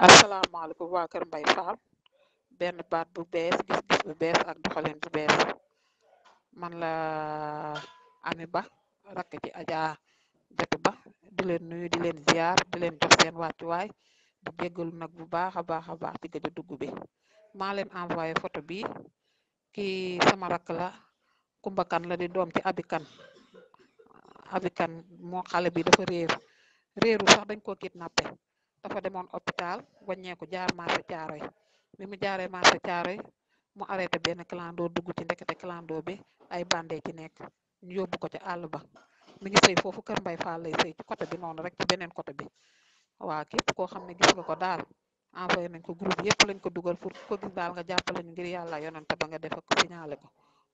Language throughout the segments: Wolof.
Assalamualaikum wa kër mbay sal ben baat bu bes gis-gis bu bes ak doxalen bu bes man la ami ba rak ci aja jatu ba di len nuyu di len ziar di dox sen seen way di jéggalu nak bu baakha baakha baax ci gëj dugg bi ma leen envoyer photo bi ki sama rak la kumba kan la di dom ci abikan abikan mo xalé bi dafa reer réeru sax dañ ko kidnappé dafa demoon hôpital wañeeku jaar marché caaroy bi mu jaaree marché caaroy mu arrêté benn clando dugg ci ndekete clando bi ay bande ci nekk ñu yóbbu ko ci àll ba mi ngi sëy foofu kër mbay Fall lay sëy ci côté bi noonu rek ci beneen côté bi waa képp koo xam ne gis ko daal envoyé nañ ko groupe yépp lañ ko dugal pour ko gis daal nga jàppale ñu ngir yàlla yonante ba nga def ak signalé ko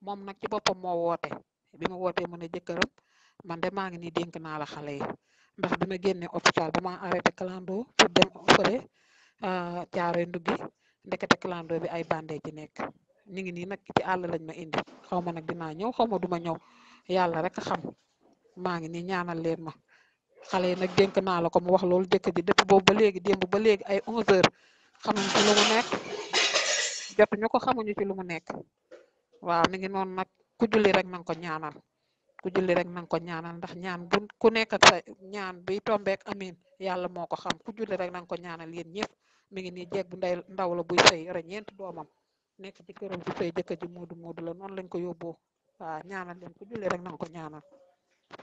moom nag ci boppam moo woote bi mu wootee mu ne jëkkëram man de maa ngi nii dénk naa la xale yi ndax bima ma génne hôpital dama arrêté clando pour dem fële caare ah, nduggi ndekete clando bi ay bandé ci nekk ñi ngi nii nag ci àll lañ ma indi xaw ma nag dinaa ñëw xaw ma duma ñëw yàlla rek xam maa ngi nii ñaanal leen ma xale yi nag dénk naa la ko mu wax loolu jëkk ji depuis boobu ba léegi démb ba léegi ay 11 heures xamuñ ci lu mu nekk jotuñu ko xamuñu ci lu mu nekk waaw mi ngi noonu nag ku julli rek nang ko ñaanal ku julli rek nanga ko ñaanal ndax ñaan bu ku nekk sa ñaan bi tombeek amin yàlla moo ko xam ku julli rek nanga ko ñaanal yéen ñëpp mi ngi ni jeeg bu nday ndaw la buy sëy yore ñeenti doomam nekk ci këram bu sëy jëkkër ji moodu moodu la noonu lañ ko yóbboo waaw ñaanal leen ku julli rek nanga ko ñaanal